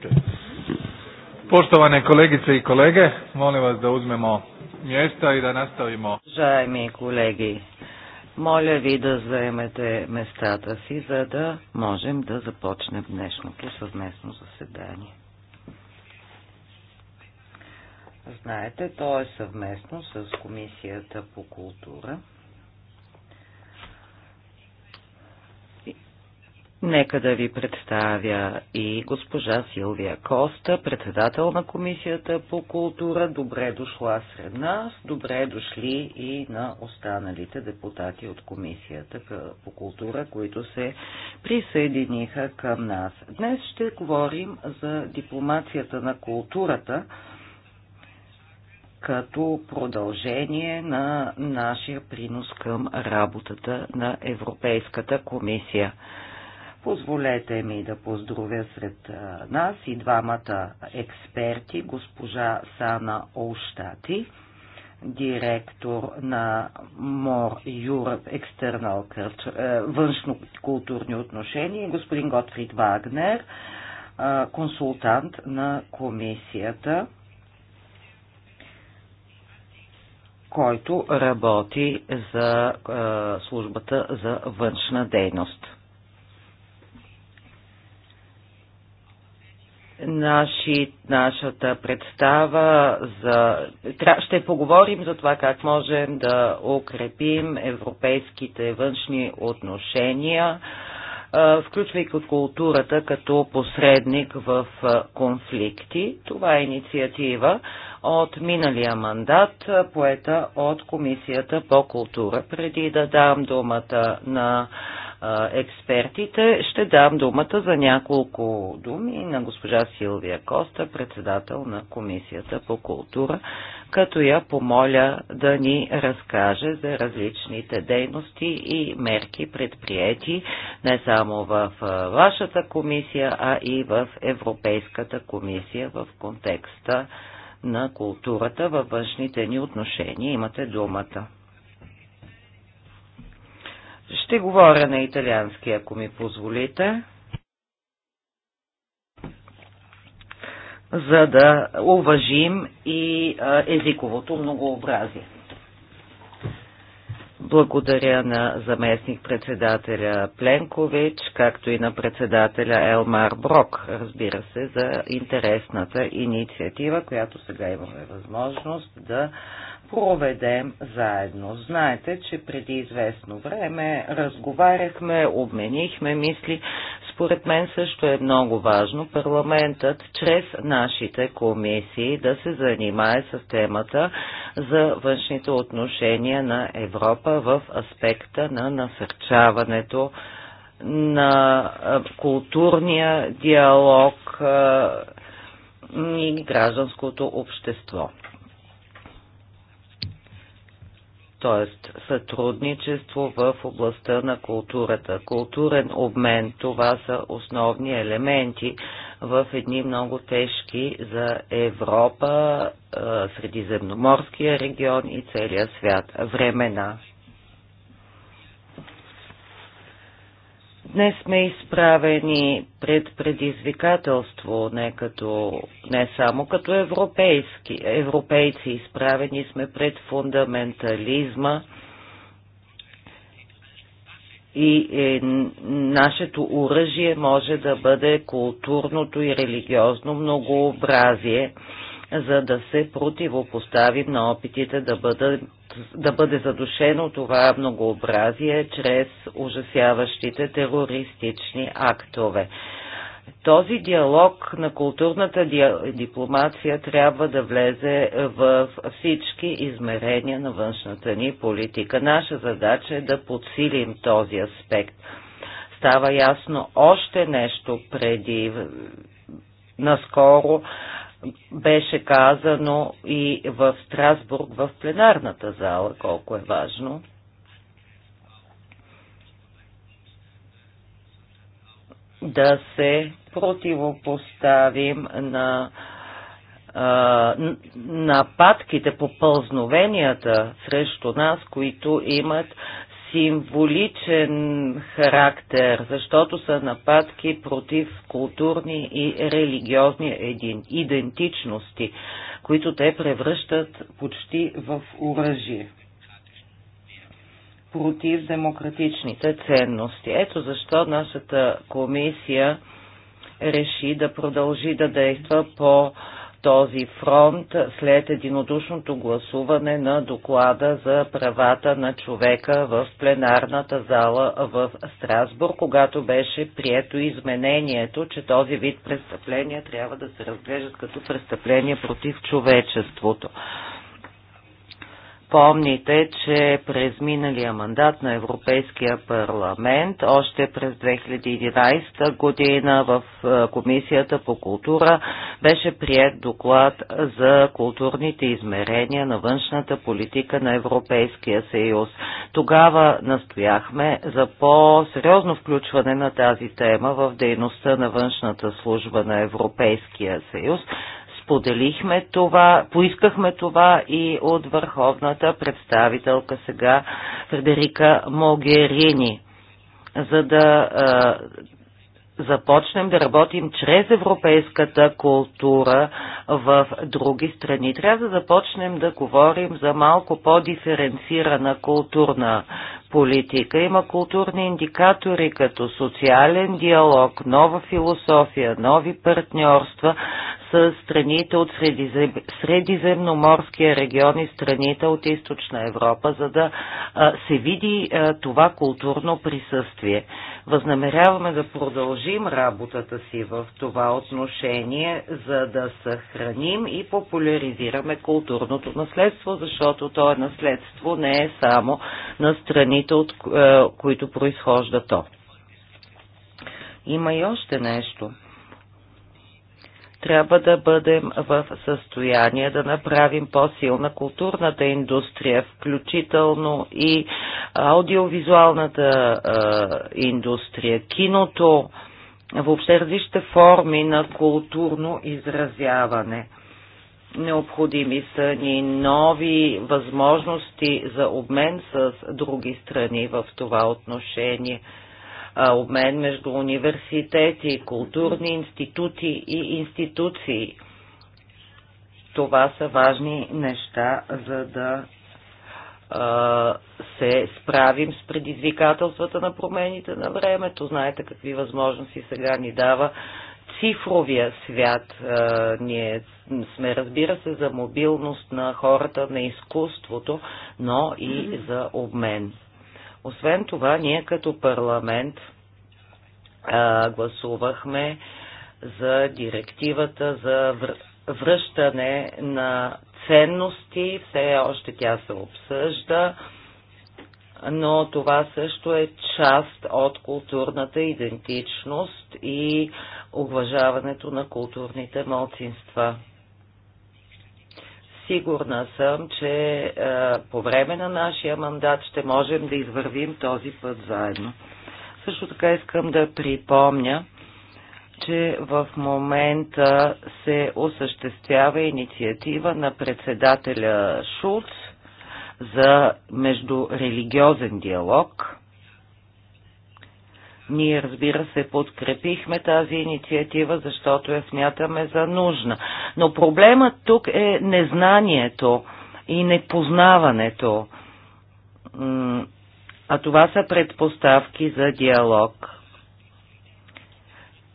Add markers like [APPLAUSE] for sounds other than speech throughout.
Okay. Poštovane kolegice i kolege, molim vas da uzmemo mjesta и да наставимо. Уважаеми колеги, моля ви да заемете местата си, за да можем да започнем днешното съвместно заседание. Знаете, то е съвместно с Комисията по култура. Нека да ви представя и госпожа Силвия Коста, председател на Комисията по култура. Добре дошла сред нас, добре дошли и на останалите депутати от Комисията по култура, които се присъединиха към нас. Днес ще говорим за дипломацията на културата като продължение на нашия принос към работата на Европейската комисия. Позволете ми да поздравя сред нас и двамата експерти, госпожа Сана Олштати, директор на More Europe External външно-културни отношения, и господин Готфрид Вагнер, консултант на комисията, който работи за службата за външна дейност. наши, нашата представа за... Ще поговорим за това как можем да укрепим европейските външни отношения, включвайки културата като посредник в конфликти. Това е инициатива от миналия мандат, поета от Комисията по култура. Преди да дам думата на експертите, ще дам думата за няколко думи на госпожа Силвия Коста, председател на Комисията по култура, като я помоля да ни разкаже за различните дейности и мерки предприяти не само в вашата комисия, а и в Европейската комисия в контекста на културата във външните ни отношения. Имате думата. Ще говоря на италиански, ако ми позволите, за да уважим и езиковото многообразие. Благодаря на заместник-председателя Пленкович, както и на председателя Елмар Брок, разбира се, за интересната инициатива, която сега имаме възможност да проведем заедно. Знаете, че преди известно време разговаряхме, обменихме мисли. Според мен също е много важно парламентът чрез нашите комисии да се занимае с темата за външните отношения на Европа в аспекта на насърчаването на културния диалог и гражданското общество. т.е. сътрудничество в областта на културата. Културен обмен, това са основни елементи в едни много тежки за Европа, Средиземноморския регион и целия свят времена. Днес сме изправени пред предизвикателство, не, като, не само като европейски, европейци, изправени сме пред фундаментализма и е, нашето оръжие може да бъде културното и религиозно многообразие за да се противопоставим на опитите да бъде, да бъде задушено това многообразие чрез ужасяващите терористични актове. Този диалог на културната дипломация трябва да влезе в всички измерения на външната ни политика. Наша задача е да подсилим този аспект. Става ясно още нещо преди наскоро беше казано и в Страсбург, в пленарната зала, колко е важно. Да се противопоставим на нападките, попълзновенията срещу нас, които имат символичен характер, защото са нападки против културни и религиозни идентичности, които те превръщат почти в оръжие против демократичните ценности. Ето защо нашата комисия реши да продължи да действа по този фронт след единодушното гласуване на доклада за правата на човека в пленарната зала в Страсбург, когато беше прието изменението, че този вид престъпления трябва да се разглеждат като престъпления против човечеството. Помните, че през миналия мандат на Европейския парламент, още през 2011 година в е, Комисията по култура беше прият доклад за културните измерения на външната политика на Европейския съюз. Тогава настояхме за по-сериозно включване на тази тема в дейността на външната служба на Европейския съюз, споделихме това, поискахме това и от върховната представителка сега Фредерика Могерини, за да започнем да работим чрез европейската култура в други страни. Трябва да започнем да говорим за малко по-диференцирана културна политика. Има културни индикатори като социален диалог, нова философия, нови партньорства, са страните от Средизем... Средиземноморския регион и страните от Източна Европа, за да се види това културно присъствие. Възнамеряваме да продължим работата си в това отношение, за да съхраним и популяризираме културното наследство, защото то е наследство не е само на страните, от които произхожда то. Има и още нещо – трябва да бъдем в състояние да направим по-силна културната индустрия, включително и аудиовизуалната индустрия, киното, въобще различните форми на културно изразяване. Необходими са ни нови възможности за обмен с други страни в това отношение – обмен между университети, културни институти и институции. Това са важни неща, за да се справим с предизвикателствата на промените на времето. Знаете какви възможности сега ни дава цифровия свят. Ние сме, разбира се, за мобилност на хората, на изкуството, но и за обмен. Освен това, ние като парламент а, гласувахме за директивата за връщане на ценности. Все още тя се обсъжда, но това също е част от културната идентичност и уважаването на културните малцинства. Сигурна съм, че е, по време на нашия мандат ще можем да извървим този път заедно. Също така искам да припомня, че в момента се осъществява инициатива на председателя Шулц за междурелигиозен диалог – ние, разбира се, подкрепихме тази инициатива, защото я смятаме за нужна. Но проблемът тук е незнанието и непознаването. А това са предпоставки за диалог.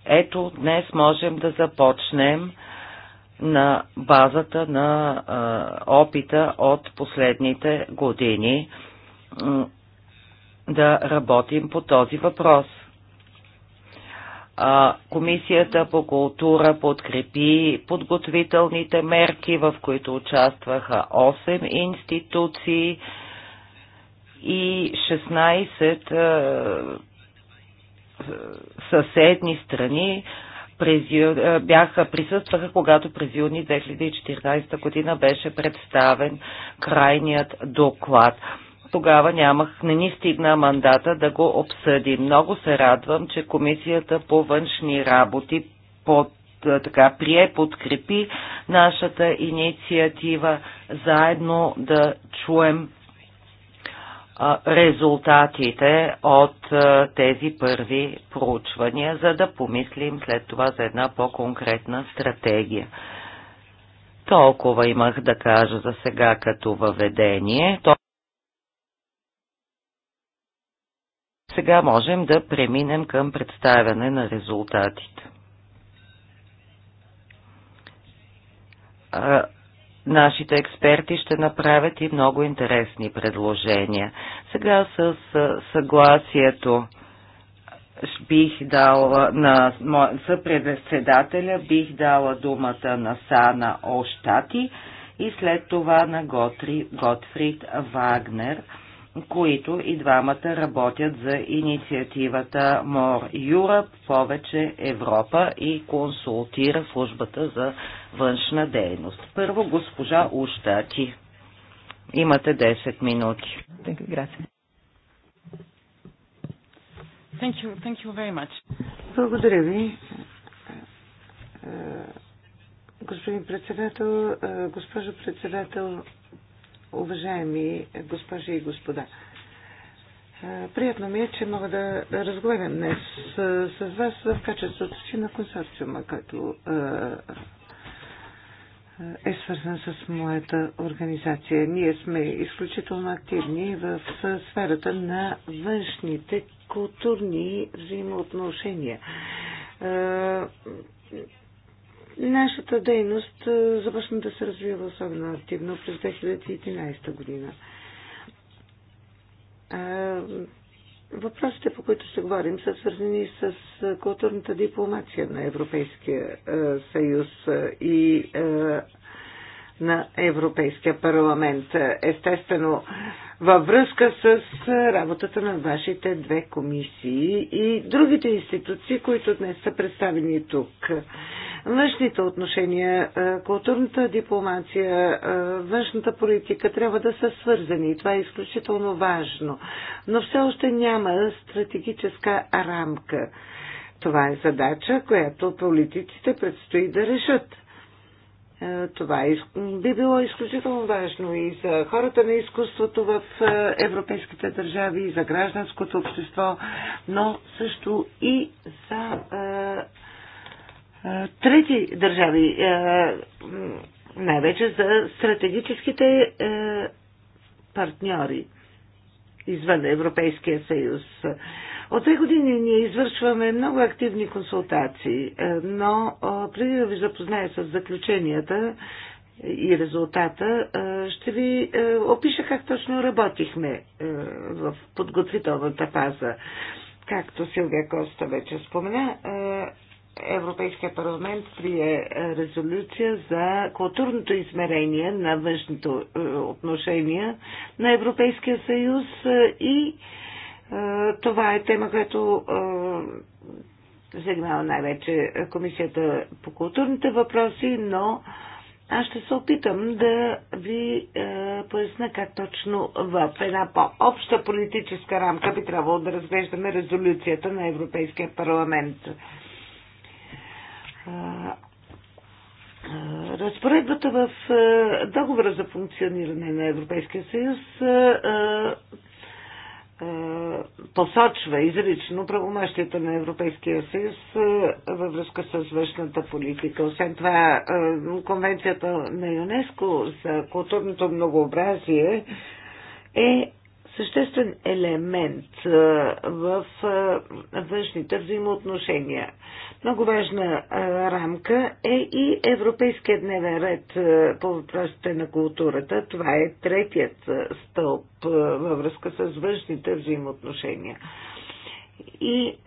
Ето, днес можем да започнем на базата на а, опита от последните години да работим по този въпрос. Комисията по култура подкрепи подготвителните мерки, в които участваха 8 институции и 16 съседни страни бяха, присъстваха, когато през юни 2014 година беше представен крайният доклад тогава нямах, не ни стигна мандата да го обсъди. Много се радвам, че Комисията по външни работи под така прие, подкрепи нашата инициатива заедно да чуем резултатите от тези първи проучвания, за да помислим след това за една по-конкретна стратегия. Толкова имах да кажа за сега като въведение. Сега можем да преминем към представяне на резултатите. нашите експерти ще направят и много интересни предложения. Сега с съгласието бих дала на съпредседателя, бих дала думата на Сана Ощати и след това на Готри, Готфрид Вагнер – които и двамата работят за инициативата More Europe, повече Европа и консултира службата за външна дейност. Първо госпожа Уштати. Имате 10 минути. Thank you, thank you very much. Благодаря ви. Е, е, господин председател, е, госпожо председател, уважаеми госпожи и господа. Приятно ми е, че мога да разговарям днес с, с вас в качеството си на консорциума, който е свързан с моята организация. Ние сме изключително активни в сферата на външните културни взаимоотношения Нашата дейност е, започна да се развива особено активно през 2013 година. Въпросите, по които се говорим, са свързани с е, културната дипломация на Европейския е, съюз и на Европейския парламент. Естествено, във връзка с работата на вашите две комисии и другите институции, които днес са представени тук. Външните отношения, културната дипломация, външната политика трябва да са свързани и това е изключително важно. Но все още няма стратегическа рамка. Това е задача, която политиците предстои да решат. Е, това е би било изключително важно и за хората на изкуството в е, европейските държави, и за гражданското общество, но също и за трети държави, най-вече за стратегическите партньори извън Европейския съюз. От две години ние извършваме много активни консултации, е, но е, преди да ви запозная с заключенията и резултата, е, ще ви опиша как точно работихме в подготвителната фаза. Както Силвия Коста вече спомена, Европейския парламент прие е, резолюция за културното измерение на външните отношения на Европейския съюз е, и е, това е тема, която занимава най-вече Комисията по културните въпроси, но аз ще се опитам да ви е, поясна как точно в една по-обща политическа рамка би трябвало да разглеждаме резолюцията на Европейския парламент. Разпоредбата в договора за функциониране на Европейския съюз посочва изрично правомащията на Европейския съюз във връзка с външната политика. Освен това, Конвенцията на ЮНЕСКО за културното многообразие е съществен елемент в външните взаимоотношения. Много важна рамка е и Европейския дневен ред по въпросите на културата. Това е третият стълб във връзка с външните взаимоотношения. И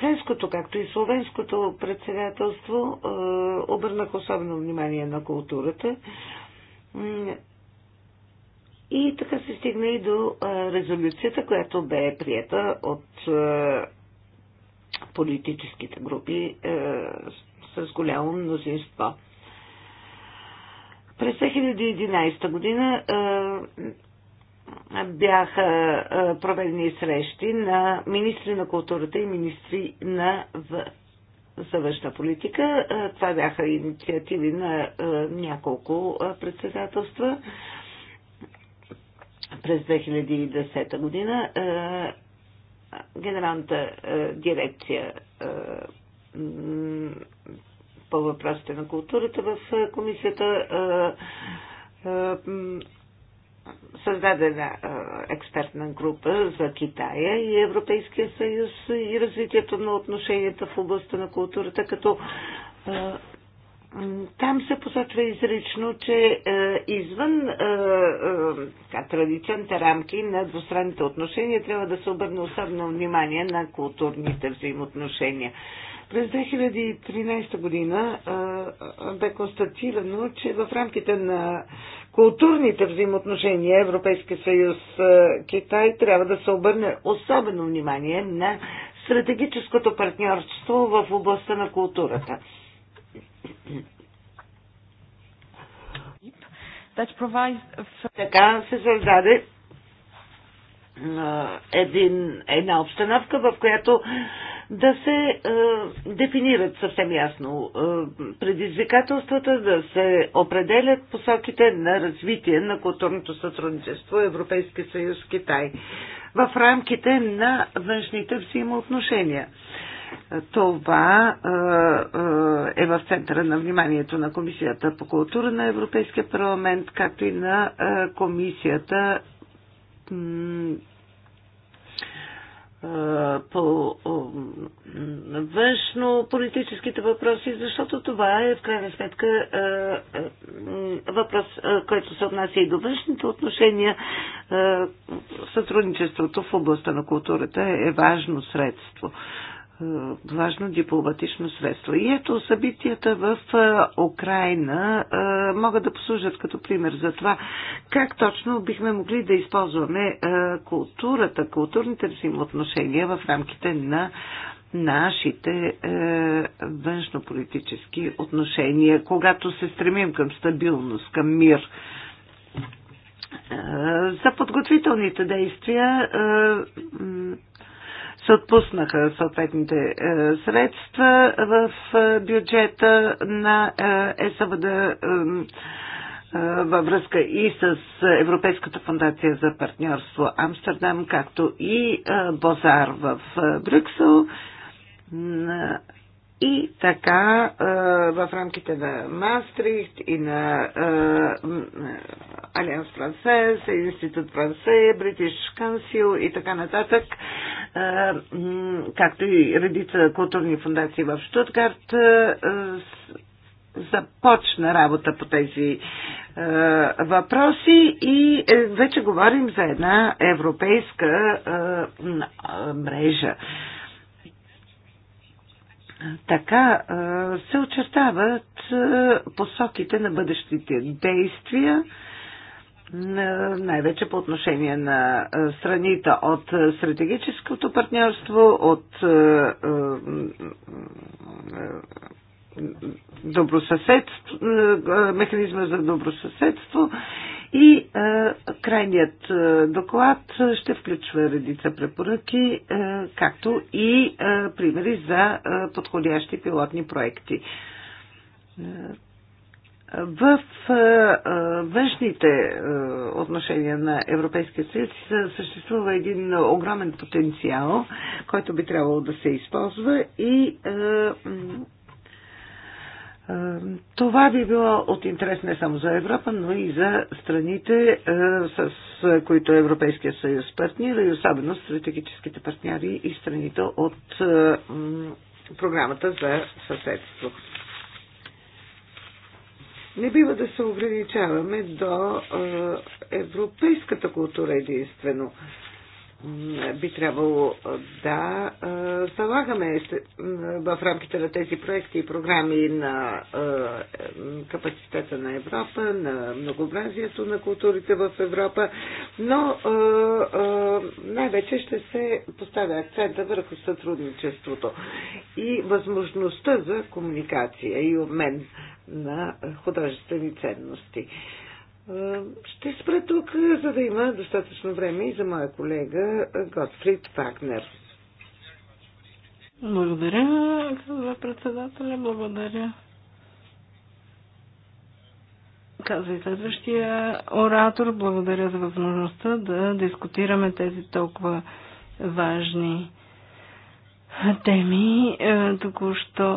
Френското, както и словенското председателство обърнах особено внимание на културата и така се стигна и до резолюцията, която бе прията от политическите групи с голямо мнозинство. През 2011 година бяха проведени срещи на министри на културата и министри на външна политика. Това бяха инициативи на няколко председателства през 2010 година е, Генералната е, дирекция е, по въпросите на културата в комисията създадена експертна група за Китая и Европейския съюз и развитието на отношенията в областта на културата като там се посочва изрично, че е, извън е, е, традиционните рамки на двустранните отношения трябва да се обърне особено внимание на културните взаимоотношения. През 2013 година е, е, бе констатирано, че в рамките на културните взаимоотношения Европейския съюз е, Китай трябва да се обърне особено внимание на стратегическото партньорство в областта на културата. Така се създаде един, една обстановка, в която да се е, дефинират съвсем ясно е, предизвикателствата, да се определят посоките на развитие на културното сътрудничество Европейски съюз Китай в рамките на външните взаимоотношения. Това е в центъра на вниманието на Комисията по култура на Европейския парламент, както и на Комисията по външно-политическите въпроси, защото това е в крайна сметка въпрос, който се отнася и до външните отношения. Сътрудничеството в областта на културата е важно средство е, важно дипломатично средство. И ето събитията в е, Украина е, могат да послужат като пример за това как точно бихме могли да използваме културата, културните взаимоотношения в рамките на нашите е, външнополитически отношения, когато се стремим към стабилност, към мир. За подготвителните действия се отпуснаха съответните е, средства в е, бюджета на е, ЕСВД е, е, във връзка и с Европейската фундация за партньорство Амстердам, както и е, Бозар в е, Брюксел. И така в рамките на Мастрихт и на Алианс Франсес, Институт Франсе, Бритиш Кансил и така нататък, както и редица културни фундации в Штутгарт, започна работа по тези въпроси и е, вече говорим за една европейска мрежа. Така се очертават посоките на бъдещите действия, най-вече по отношение на страните от стратегическото партньорство, от добросъседство, е, е, механизма за добросъседство и е, крайният доклад ще включва редица препоръки, както и примери за подходящи пилотни проекти. В външните отношения на Европейския съюз съществува един огромен потенциал, който би трябвало да се използва и е, това би било от интерес не само за Европа, но и за страните, е, с които Европейския съюз партнира и особено стратегическите партньори и страните от е, програмата за съседство. Не бива да се ограничаваме до европейската култура единствено би трябвало да залагаме в рамките на тези проекти и програми на капацитета на Европа, на многообразието на културите в Европа, но най-вече ще се поставя акцента върху сътрудничеството и възможността за комуникация и обмен на художествени ценности. Ще спра тук, за да има достатъчно време и за моя колега Готфрид Вагнер. Благодаря за председателя, благодаря. Каза и следващия оратор, благодаря за възможността да дискутираме тези толкова важни теми. Е, току-що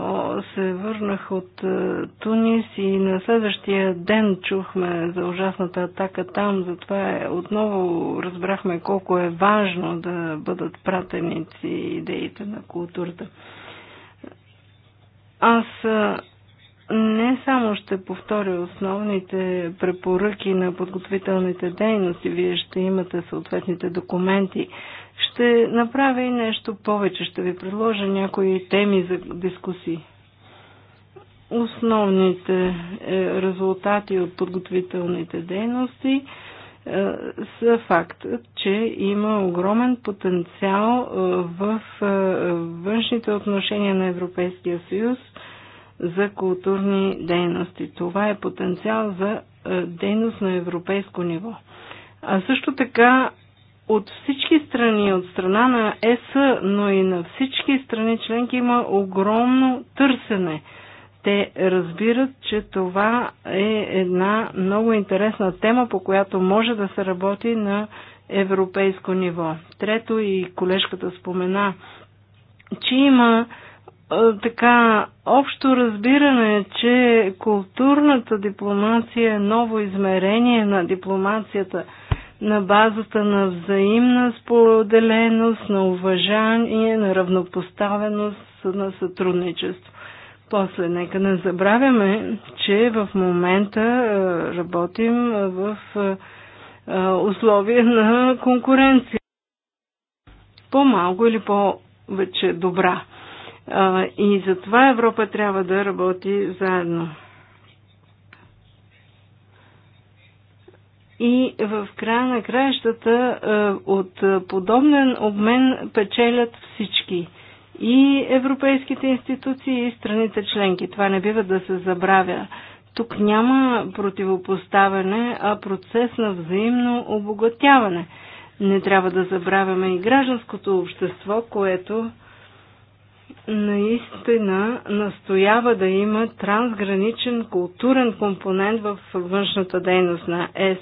се върнах от е, Тунис и на следващия ден чухме за ужасната атака там, затова е, отново разбрахме колко е важно да бъдат пратеници идеите на културата. Аз не само ще повторя основните препоръки на подготвителните дейности, вие ще имате съответните документи, ще направя и нещо повече. Ще ви предложа някои теми за дискусии. Основните е, резултати от подготвителните дейности е, са факт, че има огромен потенциал е, в външните отношения на Европейския съюз за културни дейности. Това е потенциал за дейност на европейско ниво. А също така от всички страни, от страна на ЕС, но и на всички страни членки има огромно търсене. Те разбират, че това е една много интересна тема, по която може да се работи на европейско ниво. Трето и колежката спомена, че има така общо разбиране, че културната дипломация е ново измерение на дипломацията – на базата на взаимна споделеност, на уважание, на равнопоставеност, на сътрудничество. После, нека не забравяме, че в момента е, работим е, в е, условия на конкуренция. По-малко или повече добра. И затова Европа трябва да работи заедно. и в края на краищата е, от подобен обмен печелят всички. И европейските институции, и страните членки. Това не бива да се забравя. Тук няма противопоставяне, а процес на взаимно обогатяване. Не трябва да забравяме и гражданското общество, което наистина настоява да има трансграничен културен компонент в външната дейност на ЕС.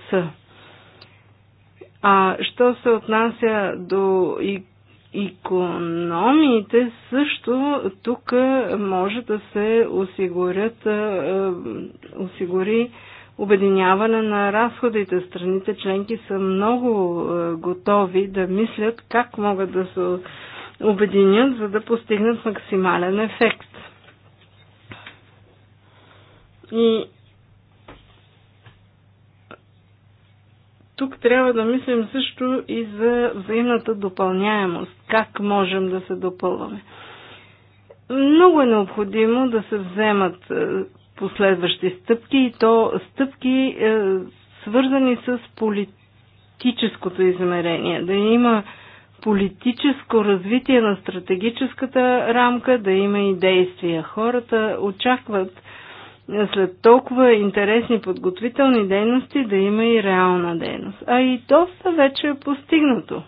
А що се отнася до економиите, също тук може да се осигурят, е, осигури обединяване на разходите. Страните членки са много е, готови да мислят как могат да се обединят, за да постигнат максимален ефект. И тук трябва да мислим също и за взаимната допълняемост. Как можем да се допълваме? Много е необходимо да се вземат е, последващи стъпки и то стъпки е, свързани с политическото измерение. Да има политическо развитие на стратегическата рамка, да има и действия. Хората очакват след толкова интересни подготвителни дейности да има и реална дейност. А и доста вече е постигнато.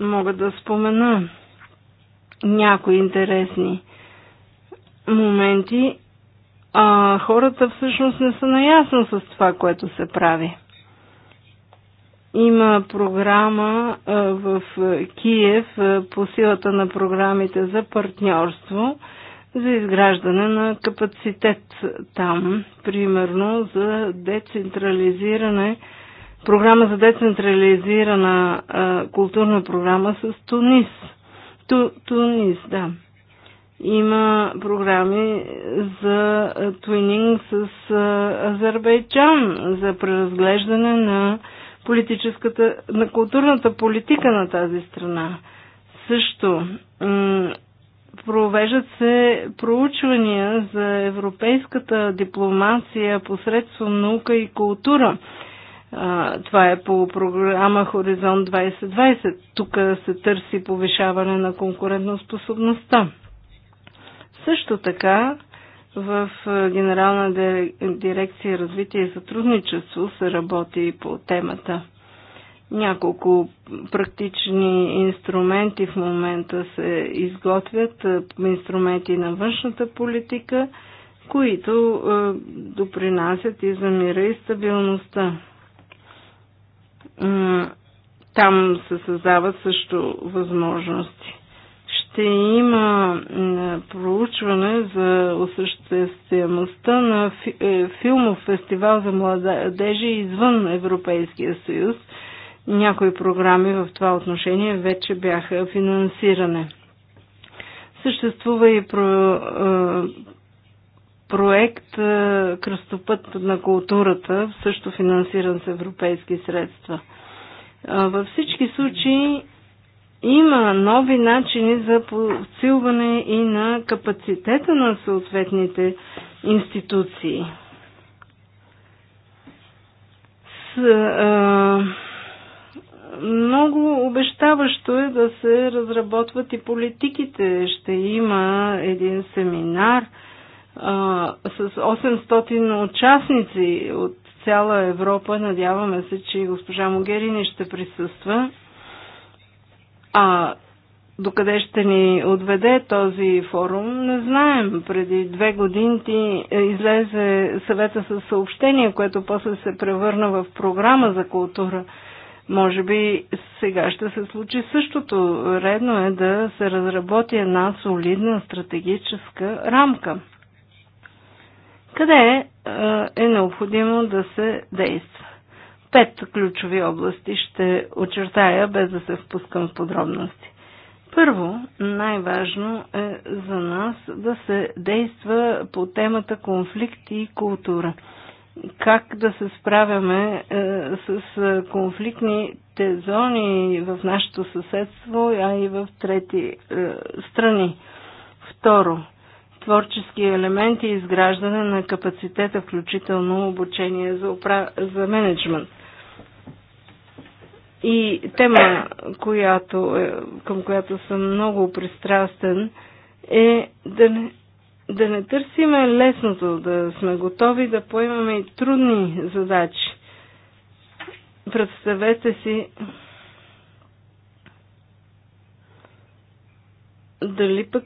Мога да спомена някои интересни моменти. А хората всъщност не са наясно с това, което се прави. Има програма в Киев по силата на програмите за партньорство за изграждане на капацитет там, примерно за децентрализиране, програма за децентрализирана културна програма с Тунис. Ту, Тунис, да. Има програми за твининг с Азербайджан, за преразглеждане на политическата, на културната политика на тази страна. Също провеждат се проучвания за европейската дипломация посредством наука и култура. Това е по програма Хоризонт 2020. Тук се търси повишаване на конкурентоспособността. Също така в Генерална дирекция развитие и сътрудничество се работи по темата. Няколко практични инструменти в момента се изготвят, инструменти на външната политика, които допринасят и за мира и стабилността. Там се създават също възможности ще има проучване за осъществяемостта на е, филмов фестивал за младежи извън Европейския съюз. Някои програми в това отношение вече бяха финансиране. Съществува и про, е, проект е, Кръстопът на културата, също финансиран с европейски средства. Във всички случаи има нови начини за подсилване и на капацитета на съответните институции. С, а, много обещаващо е да се разработват и политиките. Ще има един семинар а, с 800 участници от цяла Европа. Надяваме се, че госпожа Могерини ще присъства. А докъде ще ни отведе този форум, не знаем. Преди две години ти излезе съвета с съобщение, което после се превърна в програма за култура. Може би сега ще се случи същото. Редно е да се разработи една солидна стратегическа рамка. Къде е необходимо да се действа? пет ключови области ще очертая, без да се впускам в подробности. Първо, най-важно е за нас да се действа по темата конфликт и култура. Как да се справяме е, с е, конфликтните зони в нашето съседство, а и в трети е, страни. Второ, творчески елементи и изграждане на капацитета, включително обучение за, опра... за менеджмент – и тема, която, е, към която съм много пристрастен, е да не, да не търсиме лесното, да сме готови да поемаме и трудни задачи. Представете си дали пък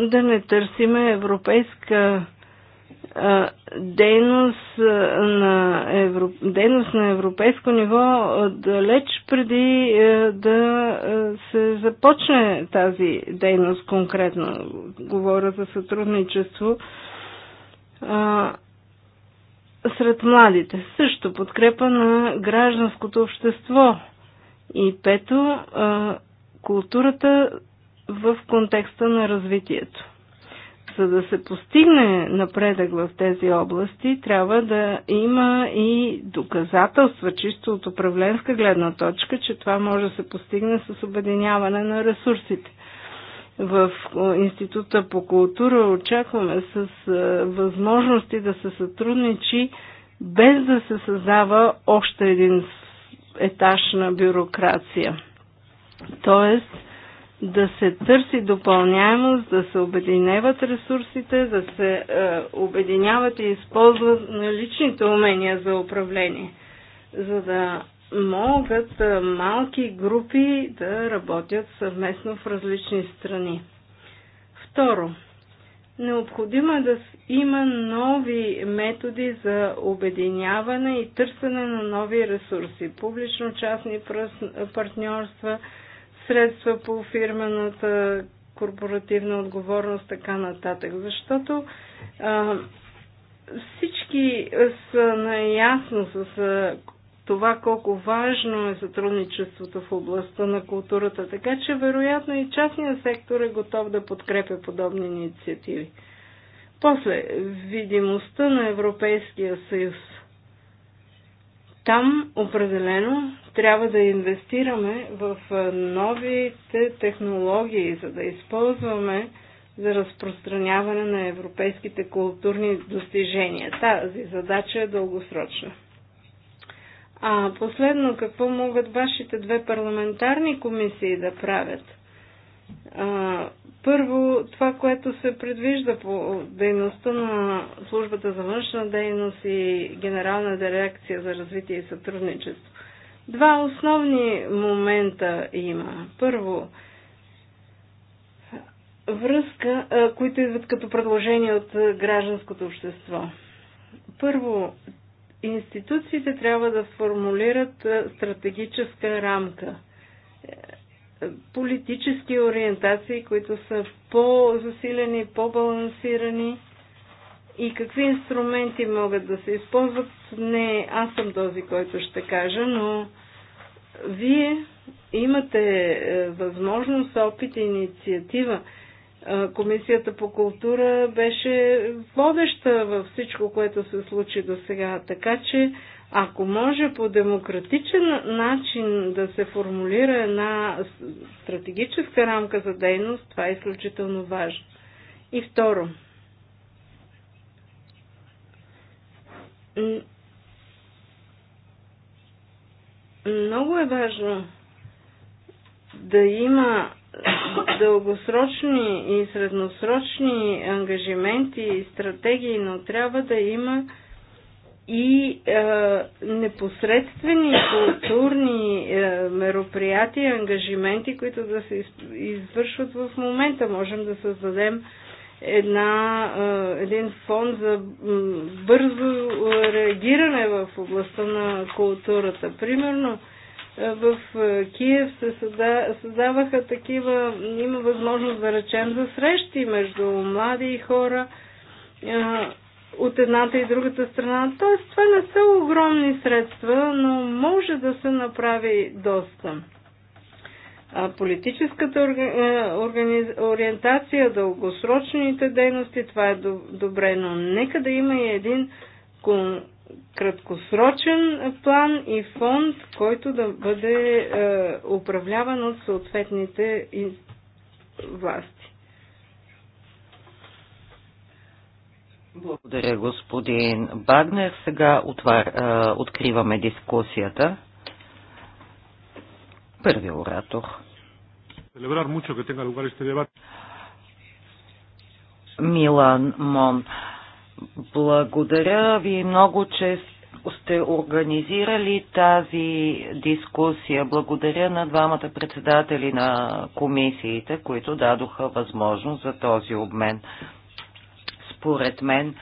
да не търсиме европейска дейност на, Европ... дейност на европейско ниво далеч преди да се започне тази дейност конкретно. Говоря за сътрудничество сред младите. Също подкрепа на гражданското общество. И пето, културата в контекста на развитието. За да се постигне напредък в тези области, трябва да има и доказателства, чисто от управленска гледна точка, че това може да се постигне с обединяване на ресурсите. В Института по култура очакваме с е, възможности да се сътрудничи без да се създава още един етаж на бюрокрация. Тоест, да се търси допълняемост, да се обединяват ресурсите, да се е, обединяват и използват личните умения за управление, за да могат е, малки групи да работят съвместно в различни страни. Второ, необходимо е да има нови методи за обединяване и търсене на нови ресурси, публично-частни партньорства – средства по фирмената корпоративна отговорност, така нататък. Защото а, всички са наясно с а, това колко важно е сътрудничеството в областта на културата, така че вероятно и частният сектор е готов да подкрепя подобни инициативи. После, видимостта на Европейския съюз. Там определено трябва да инвестираме в новите технологии, за да използваме за разпространяване на европейските културни достижения. Тази задача е дългосрочна. А последно, какво могат вашите две парламентарни комисии да правят? А, първо, това, което се предвижда по дейността на службата за външна дейност и Генерална дирекция за развитие и сътрудничество. Два основни момента има. Първо, връзка, които идват като предложение от гражданското общество. Първо, институциите трябва да формулират стратегическа рамка, е, политически ориентации, които са по-засилени, по-балансирани и какви инструменти могат да се използват, не аз съм този, който ще кажа, но вие имате е, възможност, опит и инициатива. Е, Комисията по култура беше водеща във всичко, което се случи до сега. Така че, ако може по демократичен начин да се формулира една стратегическа рамка за дейност, това е изключително важно. И второ, Много е важно да има дългосрочни и средносрочни ангажименти и стратегии, но трябва да има и е, непосредствени културни е, мероприятия, ангажименти, които да се извършват в момента. Можем да създадем една, един фонд за бързо реагиране в областта на културата. Примерно в Киев се създаваха такива, има възможност да речем за срещи между млади и хора от едната и другата страна. Тоест това не са огромни средства, но може да се направи доста политическата е, ориентация, дългосрочните дейности, това е добре, но нека да има и един краткосрочен план и фонд, който да бъде е, управляван от съответните власти. Благодаря, господин Багнер. Сега отвар, е, откриваме дискусията. Първи оратор. Милан Мон. Благодаря ви много, че сте организирали тази дискусия. Благодаря на двамата председатели на комисиите, които дадоха възможност за този обмен. Според мен,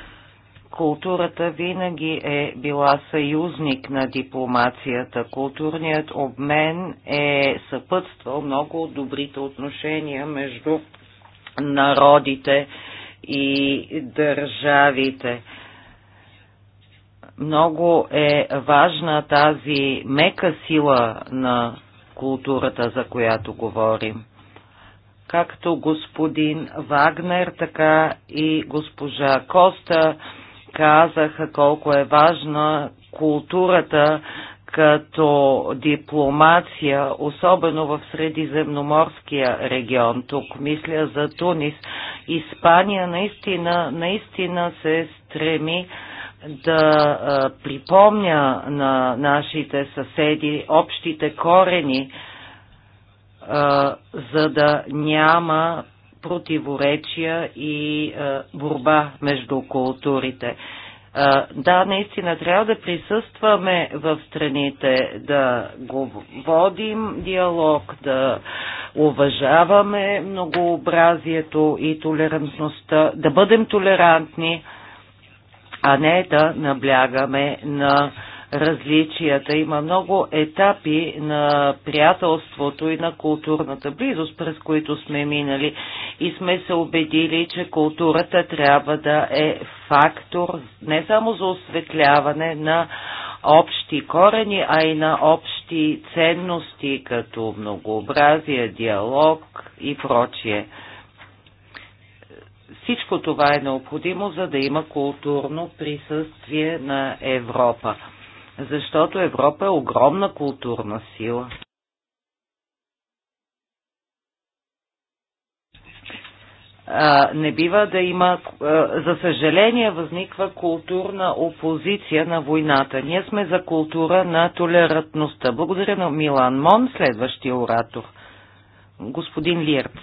Културата винаги е била съюзник на дипломацията. Културният обмен е съпътствал много добрите отношения между народите и държавите. Много е важна тази мека сила на културата, за която говорим както господин Вагнер, така и госпожа Коста казаха колко е важна културата като дипломация, особено в Средиземноморския регион. Тук мисля за Тунис. Испания наистина, наистина се стреми да а, припомня на нашите съседи общите корени, а, за да няма противоречия и е, борба между културите. Е, да, наистина трябва да присъстваме в страните, да го водим диалог, да уважаваме многообразието и толерантността, да бъдем толерантни, а не да наблягаме на различията. Има много етапи на приятелството и на културната близост, през които сме минали и сме се убедили, че културата трябва да е фактор не само за осветляване на общи корени, а и на общи ценности, като многообразие, диалог и прочие. Всичко това е необходимо, за да има културно присъствие на Европа защото Европа е огромна културна сила. не бива да има, за съжаление възниква културна опозиция на войната. Ние сме за култура на толерантността. Благодаря на Милан Мон, следващия оратор. Господин Лирц.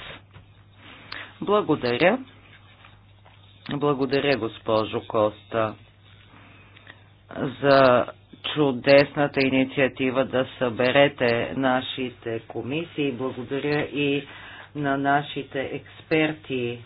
Благодаря. Благодаря, госпожо Коста, за десната инициатива да съберете нашите комисии. Благодаря и на нашите експерти.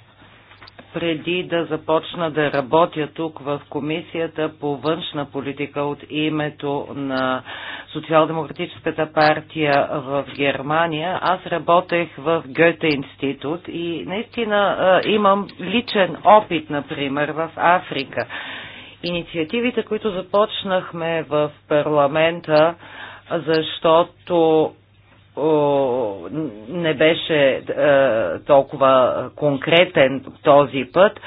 Преди да започна да работя тук в Комисията по външна политика от името на Социал-демократическата партия в Германия, аз работех в Гете институт и наистина имам личен опит, например, в Африка инициативите, които започнахме в парламента, защото не беше е, толкова конкретен този път,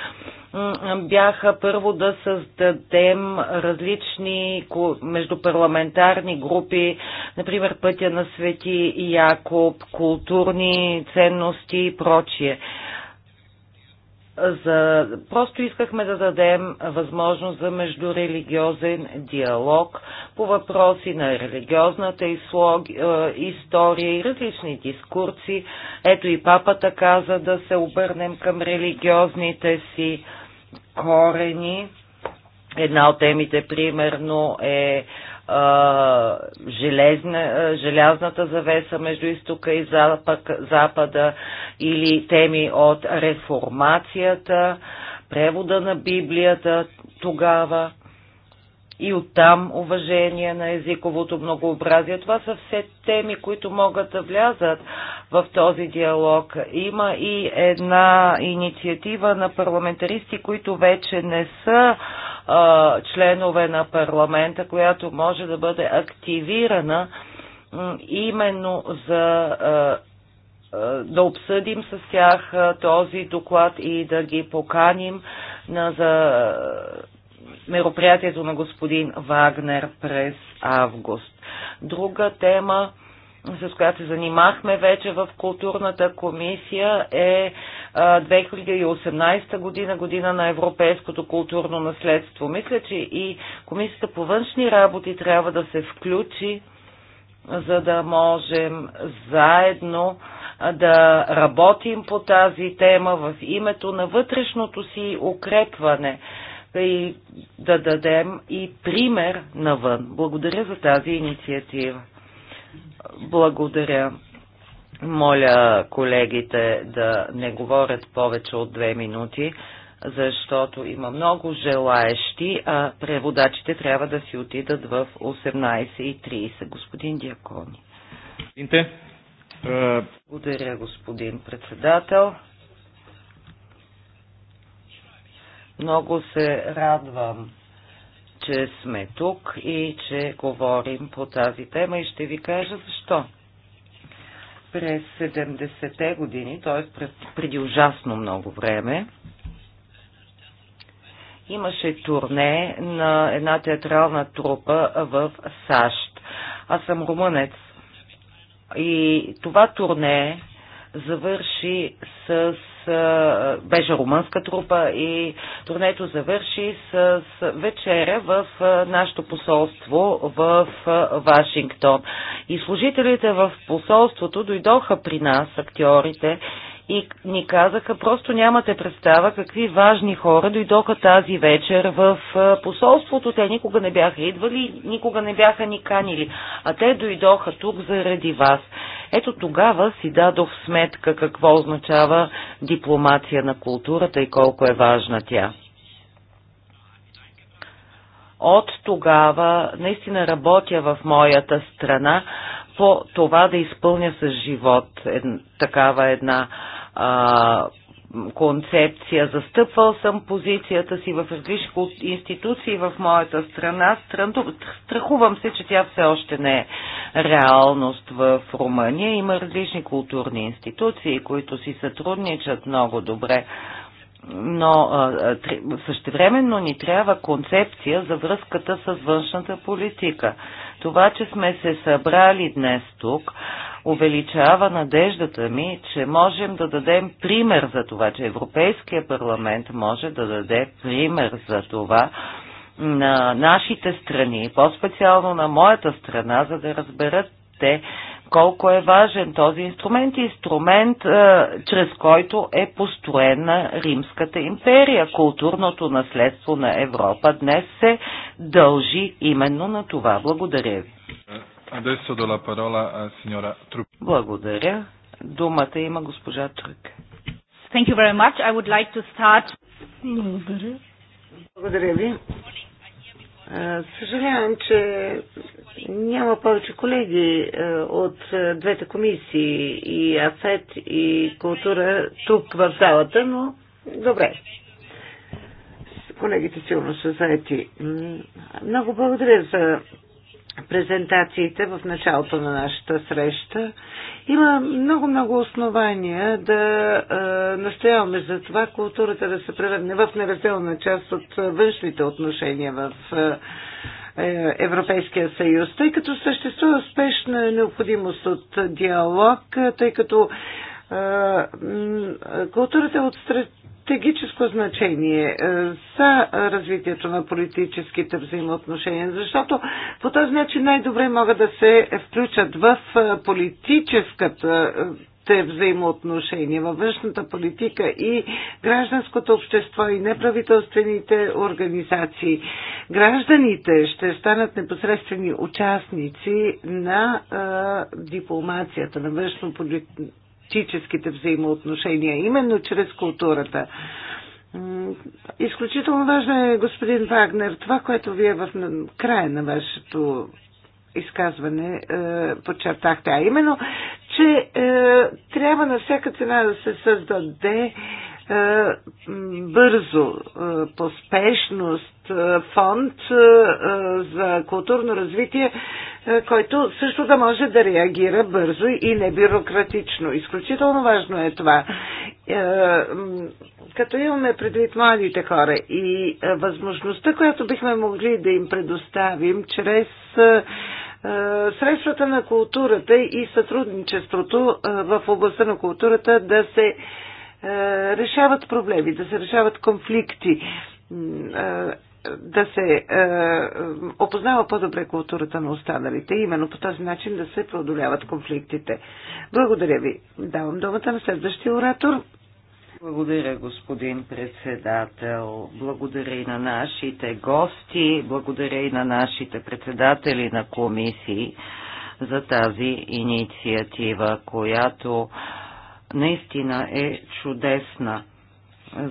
бяха първо да създадем различни междупарламентарни групи, например Пътя на Свети Якоб, културни ценности и прочие за... Просто искахме да дадем възможност за междурелигиозен диалог по въпроси на религиозната ислог, е, история и различни дискурси. Ето и папата каза да се обърнем към религиозните си корени. Една от темите, примерно, е а, железна, а, желязната завеса между изтока и запак, запада или теми от реформацията, превода на Библията тогава и оттам уважение на езиковото многообразие. Това са все теми, които могат да влязат в този диалог. Има и една инициатива на парламентаристи, които вече не са а, членове на парламента, която може да бъде активирана именно за а, да обсъдим с тях този доклад и да ги поканим на, за мероприятието на господин Вагнер през август. Друга тема, с която се занимахме вече в културната комисия е 2018 година, година на европейското културно наследство. Мисля, че и комисията по външни работи трябва да се включи, за да можем заедно да работим по тази тема в името на вътрешното си укрепване и да дадем и пример навън. Благодаря за тази инициатива. Благодаря. Моля колегите да не говорят повече от две минути, защото има много желаещи, а преводачите трябва да си отидат в 18.30. Господин Диакони. Благодаря, господин председател. Много се радвам, че сме тук и че говорим по тази тема и ще ви кажа защо. През 70-те години, т.е. преди ужасно много време, имаше турне на една театрална трупа в САЩ. Аз съм румънец. И това турне завърши с беше румънска трупа и турнето завърши с вечеря в нашето посолство в Вашингтон. И служителите в посолството дойдоха при нас, актьорите, и ни казаха, просто нямате представа какви важни хора дойдоха тази вечер в посолството. Те никога не бяха идвали, никога не бяха ни канили, а те дойдоха тук заради вас. Ето тогава си дадох сметка какво означава дипломация на културата и колко е важна тя. От тогава наистина работя в моята страна, по това да изпълня с живот такава една а, концепция. Застъпвал съм позицията си в различни институции в моята страна. Страхувам се, че тя все още не е реалност в Румъния. Има различни културни институции, които си сътрудничат много добре. Но същевременно ни трябва концепция за връзката с външната политика. Това, че сме се събрали днес тук, увеличава надеждата ми, че можем да дадем пример за това, че Европейския парламент може да даде пример за това на нашите страни, по-специално на моята страна, за да разберат те колко е важен този инструмент, инструмент, е, чрез който е построена Римската империя. Културното наследство на Европа днес се дължи именно на това. Благодаря ви. Е, Adesso do la parola a signora Благодаря. Думата има госпожа Трук. Thank you very much. I would like to start... Благодаря. Благодаря ви. Съжалявам, че няма повече колеги от двете комисии и АФЕТ и култура тук в залата, но добре. Колегите сигурно са заети. Много благодаря за презентациите в началото на нашата среща. Има много-много основания да е, настояваме за това културата да се превърне в неразделна част от външните отношения в е, Европейския съюз, тъй като съществува спешна необходимост от диалог, тъй като е, културата е от стратегия стратегическо значение е, за развитието на политическите взаимоотношения, защото по този начин най-добре могат да се включат в е, политическата е, те взаимоотношения във външната политика и гражданското общество и неправителствените организации. Гражданите ще станат непосредствени участници на е, дипломацията, на външно политическите взаимоотношения, именно чрез културата. Изключително важно е, господин Вагнер, това, което вие в края на вашето изказване е, подчертахте, а именно, че е, трябва на всяка цена да се създаде е, бързо, е, поспешност, е, фонд за културно развитие, който също да може да реагира бързо и небюрократично. Изключително важно е това. Като имаме предвид младите хора и възможността, която бихме могли да им предоставим чрез средствата на културата и сътрудничеството в областта на културата да се е, решават проблеми, да се решават конфликти, е, да се е, опознава по-добре културата на останалите и именно по този начин да се преодоляват конфликтите. Благодаря ви. Давам думата на следващия оратор. Благодаря, господин председател. Благодаря и на нашите гости, благодаря и на нашите председатели на комисии за тази инициатива, която наистина е чудесна,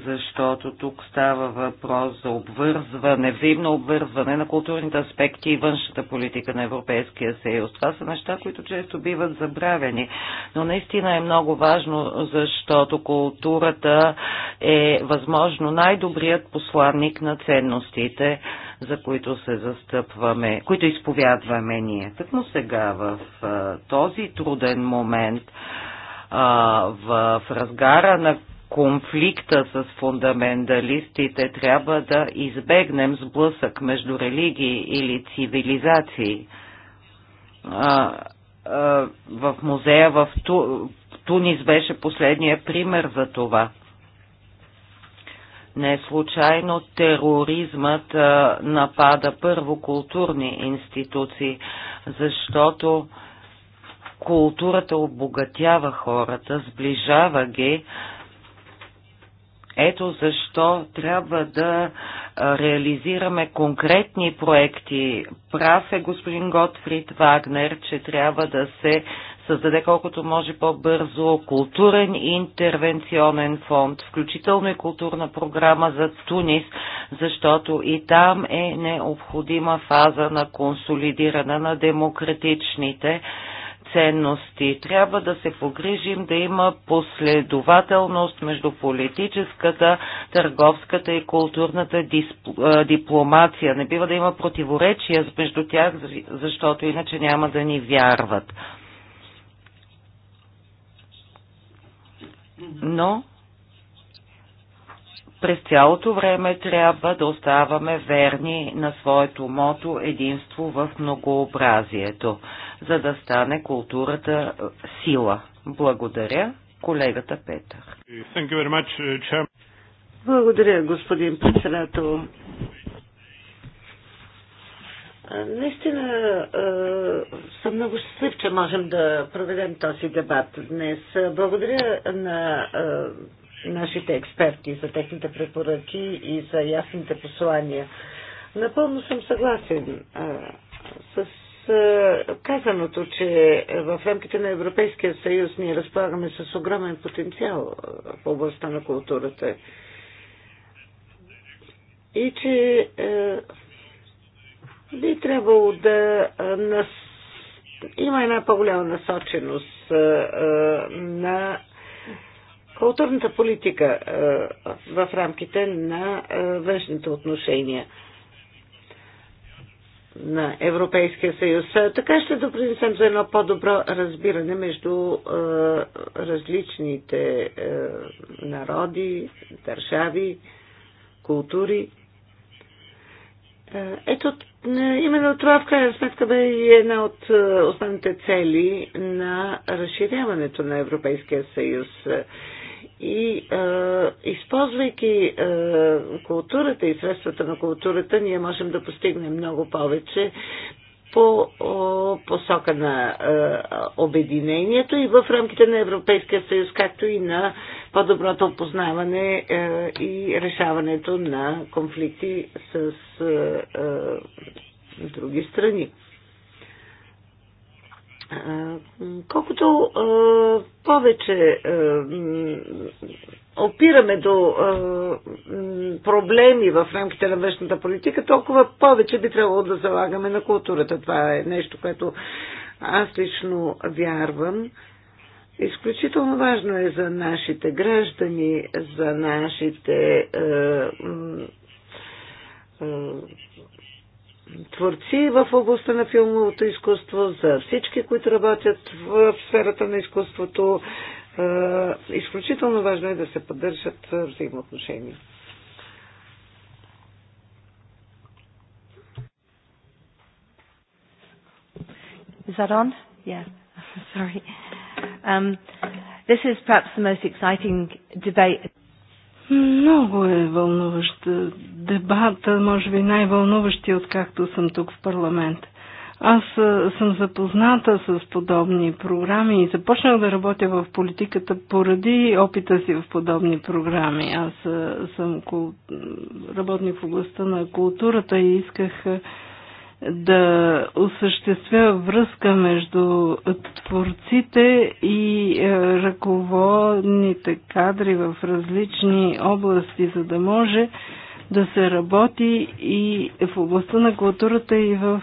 защото тук става въпрос за обвързване, взаимно обвързване на културните аспекти и външната политика на Европейския съюз. Това са неща, които често биват забравени, но наистина е много важно, защото културата е възможно най-добрият посланник на ценностите, за които се застъпваме, които изповядваме ние. Тъкмо сега в този труден момент в разгара на конфликта с фундаменталистите трябва да избегнем сблъсък между религии или цивилизации. В музея в Ту... Тунис беше последния пример за това. Не случайно тероризмът напада първо културни институции, защото а, културата обогатява хората, сближава ги. Ето защо трябва да реализираме конкретни проекти. Прав е господин Готфрид Вагнер, че трябва да се създаде колкото може по-бързо културен и интервенционен фонд, включително и културна програма за Тунис, защото и там е необходима фаза на консолидиране на демократичните ценности. Трябва да се погрижим да има последователност между политическата, търговската и културната дипломация. Не бива да има противоречия между тях, защото иначе няма да ни вярват. Но през цялото време трябва да оставаме верни на своето мото единство в многообразието за да стане културата е, сила. Благодаря, колегата Петър. Uh, благодаря, господин председател. Наистина съм много щастлив, че можем да проведем този дебат днес. Благодаря на нашите експерти за техните препоръки и за ясните послания. Напълно съм съгласен с казаното, че в рамките на Европейския съюз ние разполагаме с огромен потенциал в областта на културата и че би трябвало да нас... има една по-голяма насоченост на културната политика в рамките на външните отношения на Европейския съюз. Е, така ще допринесем за едно по-добро разбиране между е, различните е, народи, държави, култури. Е, ето, е, именно това в крайна сметка бе и една от основните цели на разширяването на Европейския съюз използвайки е, културата и средствата на културата, ние можем да постигнем много повече по о, посока на е, обединението и в рамките на Европейския съюз, както и на по-доброто опознаване е, и решаването на конфликти с е, е, други страни. Е, колкото е, повече е, опираме до е, проблеми в рамките на външната политика, толкова повече би трябвало да залагаме на културата. Това е нещо, което аз лично вярвам. Изключително важно е за нашите граждани, за нашите е, е, творци в областта на филмовото изкуство, за всички, които работят в сферата на изкуството, изключително важно е да се поддържат взаимоотношения. Is that on? Yeah. [LAUGHS] Sorry. Um, this is perhaps the most exciting debate. Много е вълнуващ дебата, може би най-вълнуващи, откакто съм тук в парламента. Аз съм запозната с подобни програми и започнах да работя в политиката поради опита си в подобни програми. Аз съм работник в областта на културата и исках да осъществя връзка между творците и ръководните кадри в различни области, за да може да се работи и в областта на културата и в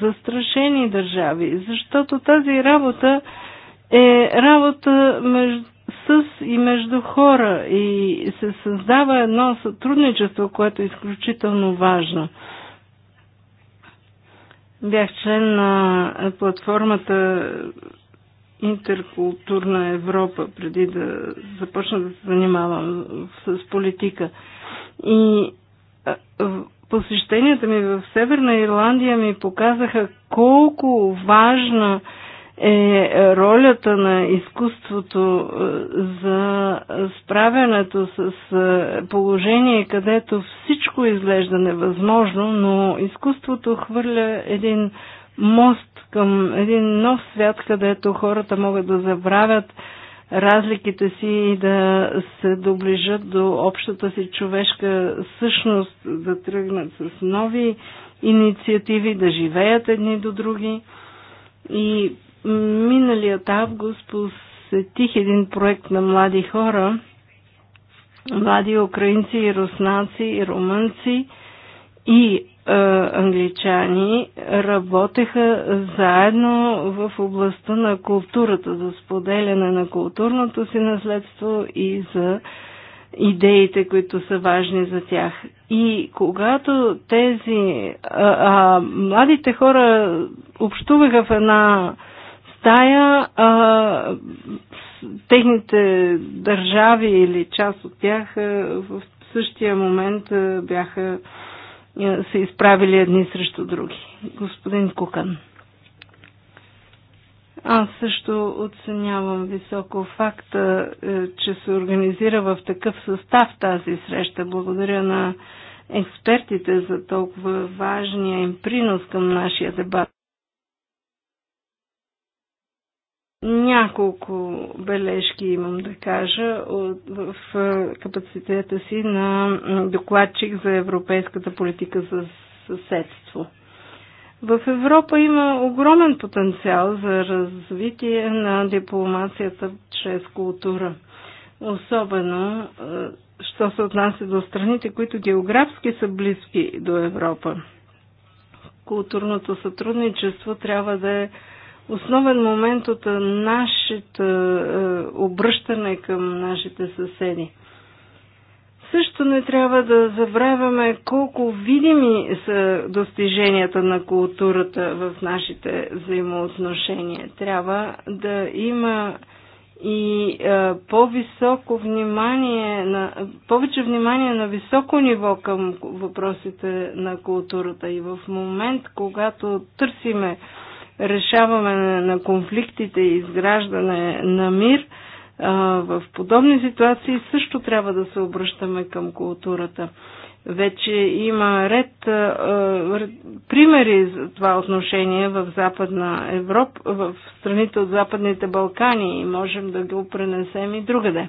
застрашени държави, защото тази работа е работа между, с и между хора и се създава едно сътрудничество, което е изключително важно. Бях член на платформата Интеркултурна Европа, преди да започна да се занимавам с политика. И посещенията ми в Северна Ирландия ми показаха колко важна е ролята на изкуството за справянето с положение, където всичко изглежда невъзможно, но изкуството хвърля един мост към един нов свят, където хората могат да забравят разликите си и да се доближат до общата си човешка същност, да тръгнат с нови инициативи, да живеят едни до други. И миналият август посетих един проект на млади хора, млади украинци и руснаци и румънци и е, англичани работеха заедно в областта на културата, за споделяне на културното си наследство и за идеите, които са важни за тях. И когато тези а, а, младите хора общуваха в една стая, а, техните държави или част от тях а, в същия момент а, бяха а, е, са изправили едни срещу други. Господин Кукан. Аз също оценявам високо факта, е, че се организира в такъв състав тази среща. Благодаря на експертите за толкова важния им принос към нашия дебат. Няколко бележки имам да кажа от, в, в капацитета си на докладчик за европейската политика за съседство. В Европа има огромен потенциал за развитие на дипломацията чрез култура. Особено, е, що се отнася до страните, които географски са близки до Европа. Културното сътрудничество трябва да е основен момент от нашето обръщане към нашите съседи. Също не трябва да забравяме колко видими са достиженията на културата в нашите взаимоотношения. Трябва да има и е, по-високо внимание, на, повече внимание на високо ниво към въпросите на културата. И в момент, когато търсиме решаване на конфликтите и изграждане на мир, в подобни ситуации също трябва да се обръщаме към културата. Вече има ред примери за това отношение в Западна Европа, в страните от Западните Балкани и можем да го пренесем и другаде.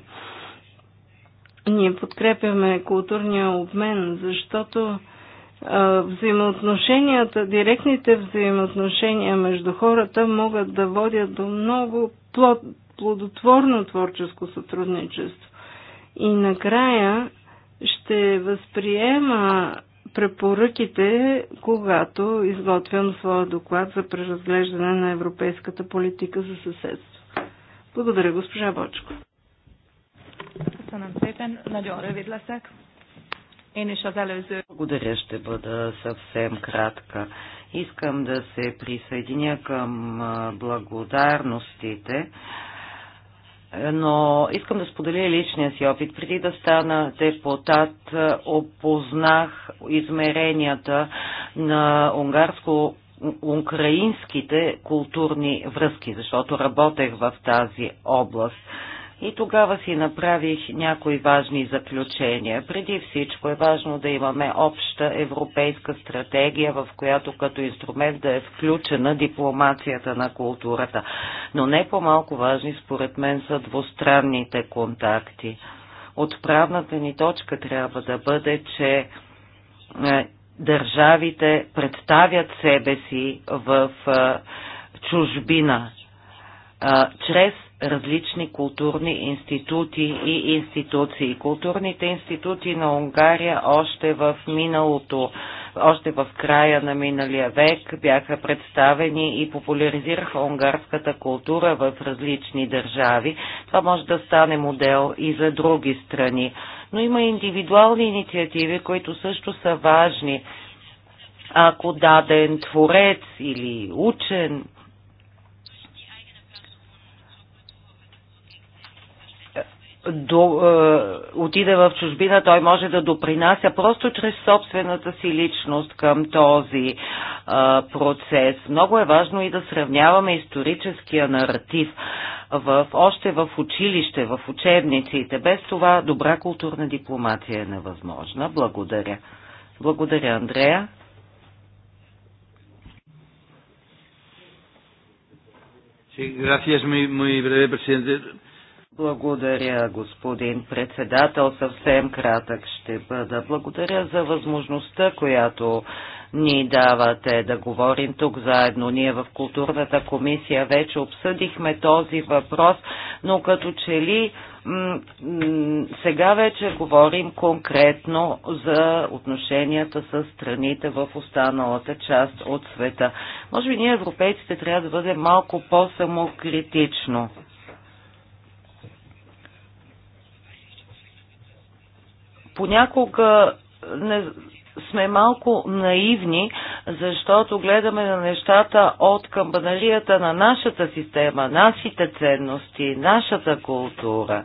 Ние подкрепяме културния обмен, защото взаимоотношенията, директните взаимоотношения между хората могат да водят до много плод, плодотворно творческо сътрудничество. И накрая ще възприема препоръките, когато изготвям своя доклад за преразглеждане на европейската политика за съседство. Благодаря, госпожа Бочко. Köszönöm степен. nagyon rövid leszek. Благодаря, ще бъда съвсем кратка. Искам да се присъединя към благодарностите, но искам да споделя личния си опит. Преди да стана депутат, опознах измеренията на унгарско украинските културни връзки, защото работех в тази област. И тогава си направих някои важни заключения. Преди всичко е важно да имаме обща европейска стратегия, в която като инструмент да е включена дипломацията на културата. Но не по-малко важни според мен са двустранните контакти. Отправната ни точка трябва да бъде, че е, държавите представят себе си в е, чужбина е, чрез различни културни институти и институции. Културните институти на Унгария още в миналото, още в края на миналия век бяха представени и популяризираха унгарската култура в различни държави. Това може да стане модел и за други страни. Но има индивидуални инициативи, които също са важни. Ако даден творец или учен, до, е, отиде в чужбина, той може да допринася просто чрез собствената си личност към този е, процес. Много е важно и да сравняваме историческия наратив в, още в училище, в учебниците. Без това добра културна дипломация е невъзможна. Благодаря. Благодаря, Андрея. Sí, gracias, muy, muy breve, presidente. Благодаря, господин председател. Съвсем кратък ще бъда. Благодаря за възможността, която ни давате да говорим тук заедно. Ние в културната комисия вече обсъдихме този въпрос, но като че ли сега вече говорим конкретно за отношенията с страните в останалата част от света. Може би ние, европейците, трябва да бъдем малко по-самокритично понякога не, сме малко наивни, защото гледаме на нещата от камбаналията на нашата система, нашите ценности, нашата култура.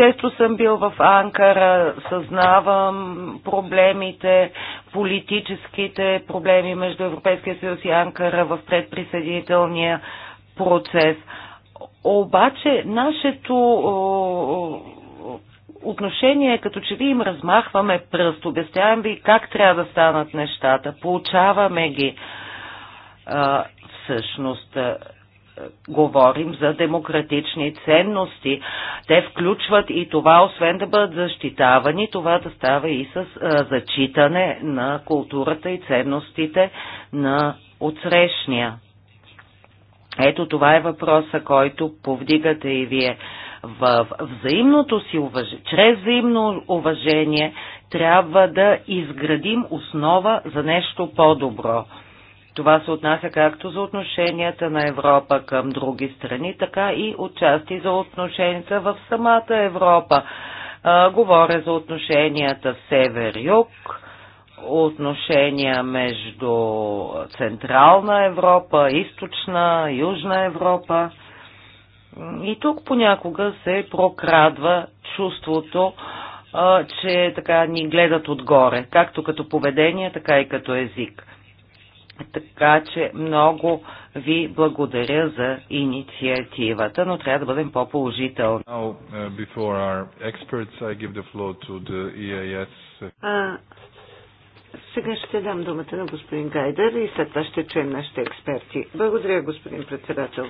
Често съм бил в Анкара, съзнавам проблемите, политическите проблеми между Европейския съюз и Анкара в предприсъединителния процес. Обаче нашето отношение е като че ви им размахваме пръст, обяснявам ви как трябва да станат нещата, получаваме ги. А, всъщност, говорим за демократични ценности. Те включват и това, освен да бъдат защитавани, това да става и с а, зачитане на културата и ценностите на отсрещния. Ето това е въпроса, който повдигате и вие. В взаимното си уважение, чрез взаимно уважение, трябва да изградим основа за нещо по-добро. Това се отнася както за отношенията на Европа към други страни, така и отчасти за отношенията в самата Европа. А, говоря за отношенията север-юг, отношения между Централна Европа, Източна, Южна Европа. И тук понякога се прокрадва чувството, а, че така ни гледат отгоре, както като поведение, така и като език. Така че много ви благодаря за инициативата, но трябва да бъдем по-положителни. Uh, e сега ще дам думата на господин Гайдер и след това ще чуем нашите експерти. Благодаря, господин председател.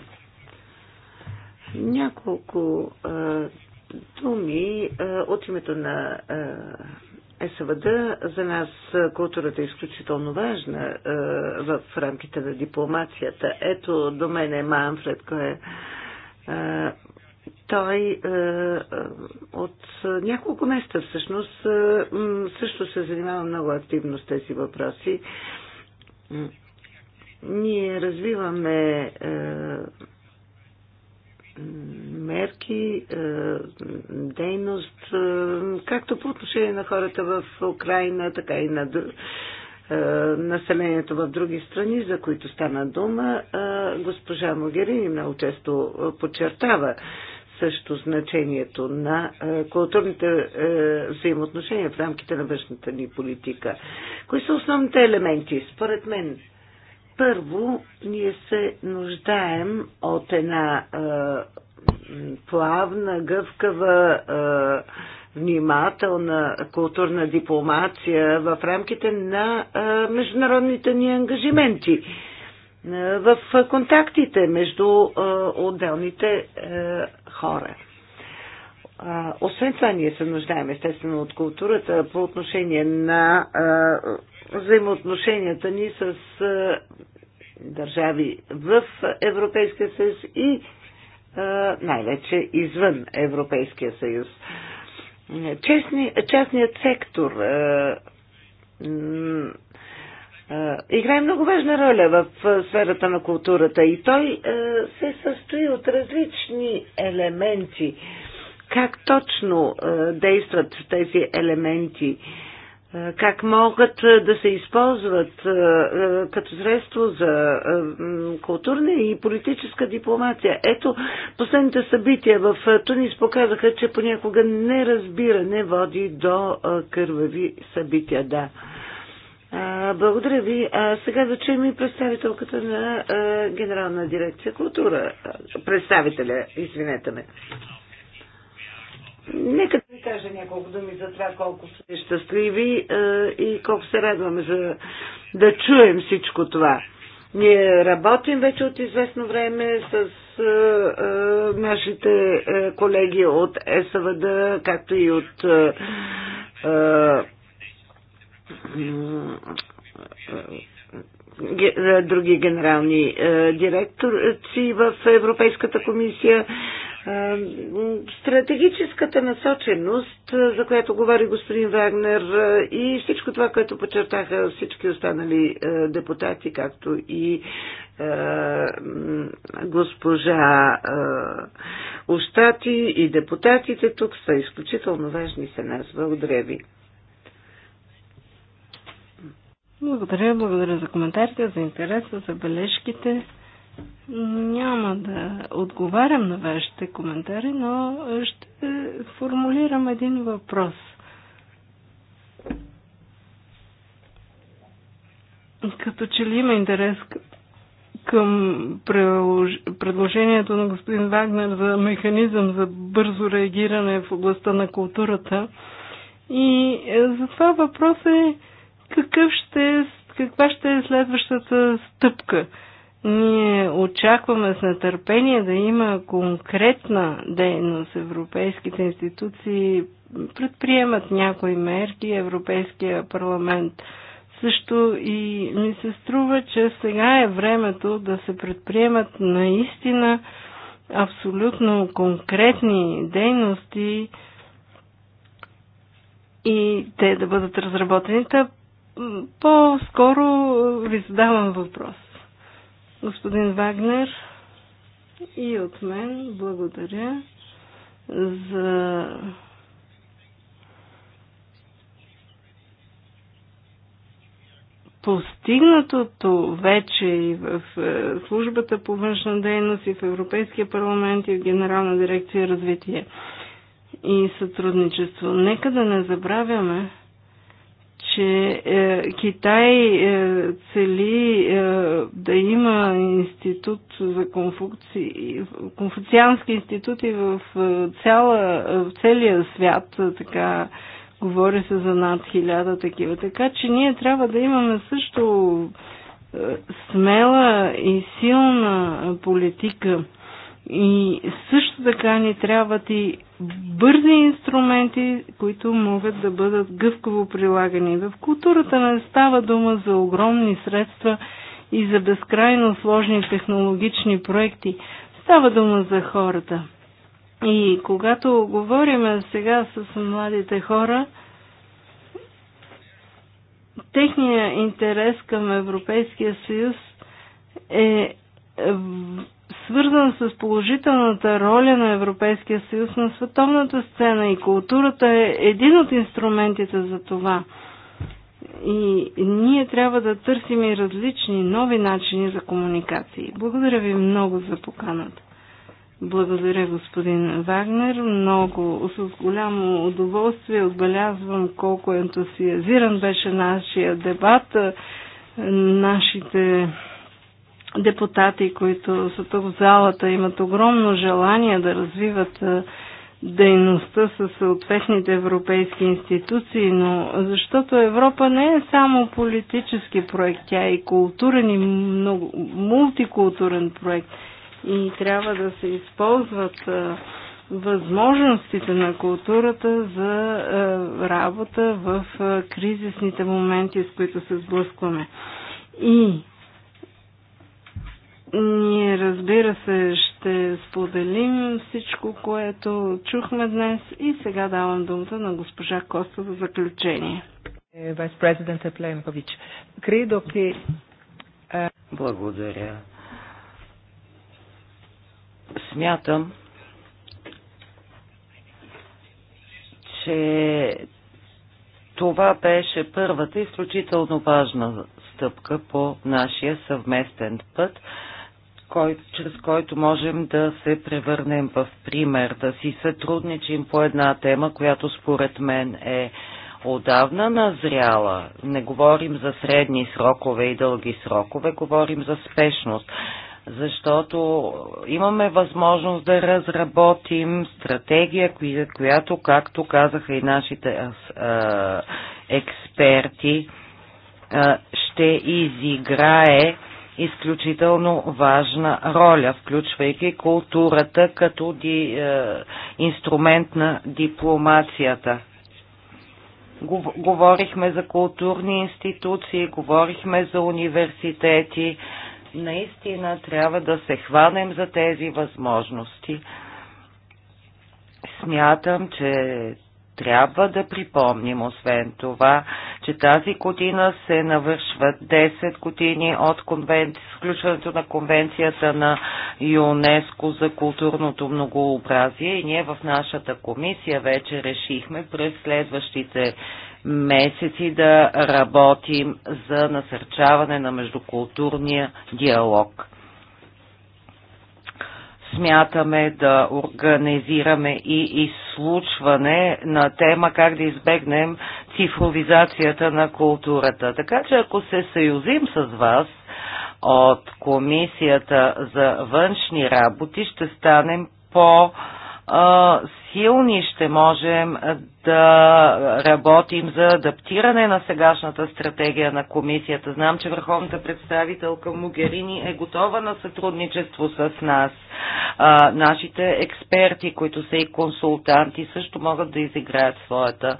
Няколко а, думи а, от името на СВД за нас културата е изключително важна е, в рамките на дипломацията. Ето до мен е Манфред, кой е, е той е, е, от няколко места всъщност е, също се занимава много активно с тези въпроси. Ние развиваме е, мерки, е, дейност, е, както по отношение на хората в Украина, така и на е, населението в други страни, за които стана дума. Госпожа Могерини много често подчертава също значението на културните взаимоотношения в рамките на външната ни политика. Кои са основните елементи? Според мен първо, ние се нуждаем от една плавна, гъвкава, внимателна културна дипломация в рамките на международните ни ангажименти в контактите между отделните хора. Освен това, ние се нуждаем естествено от културата по отношение на взаимоотношенията ни с държави в Европейския съюз и най-вече извън Европейския съюз. Честни, частният сектор играе много важна роля в сферата на културата и той се състои от различни елементи. Как точно действат тези елементи? как могат да се използват като средство за културна и политическа дипломация. Ето, последните събития в Тунис показаха, че понякога неразбиране води до кървави събития. Да. Благодаря ви. А сега да чуем и представителката на Генерална дирекция култура. Представителя, извинете ме. Нека да ви кажа няколко думи за това колко сме щастливи е, и колко се радваме за да чуем всичко това. Ние работим вече от известно време с е, е, нашите е, колеги от СВД, както и от е, е, е други генерални е, директорци в Европейската комисия стратегическата насоченост, за която говори господин Вагнер и всичко това, което подчертаха всички останали депутати, както и госпожа Остати и депутатите тук са изключително важни за нас. Благодаря ви. Благодаря, благодаря за коментарите, за интереса, за бележките. Няма да отговарям на вашите коментари, но ще формулирам един въпрос. Като че ли има интерес към предложението на господин Вагнер за механизъм за бързо реагиране в областта на културата. И е, затова въпрос е какъв ще, е каква ще е следващата стъпка – ние очакваме с нетърпение да има конкретна дейност. Европейските институции предприемат някои мерки, Европейския парламент също и ми се струва, че сега е времето да се предприемат наистина абсолютно конкретни дейности и те да бъдат разработени. По-скоро ви задавам въпрос. Господин Вагнер и от мен благодаря за постигнатото вече и в е, службата по външна дейност и в Европейския парламент и в Генерална дирекция развитие и сътрудничество. Нека да не забравяме, че е, Китай е, цели е, да има институт за конфукци... конфуциански институти в, е, цяла, е, в целия свят, е, така говори се за над хиляда такива. Така че ние трябва да имаме също смела и силна политика и също така ни трябват и бързи инструменти, които могат да бъдат гъвково прилагани. В културата не става дума за огромни средства и за безкрайно сложни технологични проекти. Става дума за хората. И когато говорим сега с младите хора, Техният интерес към Европейския съюз е свързан с положителната роля на Европейския съюз на световната сцена и културата е един от инструментите за това. И ние трябва да търсим и различни нови начини за комуникации. Благодаря ви много за поканата. Благодаря, господин Вагнер. Много, с голямо удоволствие отбелязвам колко ентусиазиран беше нашия дебат, нашите депутати, които са тук в залата, имат огромно желание да развиват дейността с съответните европейски институции, но защото Европа не е само политически проект, тя е и културен и много, мултикултурен проект и трябва да се използват възможностите на културата за работа в кризисните моменти, с които се сблъскваме. И ние, разбира се, ще споделим всичко, което чухме днес и сега давам думата на госпожа Коста за заключение. Е, вайс е Пленкович. Credo е, Благодаря. Смятам, че това беше първата изключително важна стъпка по нашия съвместен път – кой, чрез който можем да се превърнем в пример, да си сътрудничим по една тема, която според мен е отдавна назряла. Не говорим за средни срокове и дълги срокове, говорим за спешност защото имаме възможност да разработим стратегия, която, както казаха и нашите експерти, ще изиграе изключително важна роля, включвайки културата като ди, е, инструмент на дипломацията. Говорихме за културни институции, говорихме за университети. Наистина трябва да се хванем за тези възможности. Смятам, че трябва да припомним, освен това, че тази година се навършват 10 години от сключването включването на конвенцията на ЮНЕСКО за културното многообразие и ние в нашата комисия вече решихме през следващите месеци да работим за насърчаване на междукултурния диалог смятаме да организираме и изслушване на тема как да избегнем цифровизацията на културата. Така че ако се съюзим с вас от Комисията за външни работи, ще станем по- силни ще можем да работим за адаптиране на сегашната стратегия на комисията. Знам, че върховната представителка Могерини е готова на сътрудничество с нас. А, нашите експерти, които са и консултанти, също могат да изиграят своята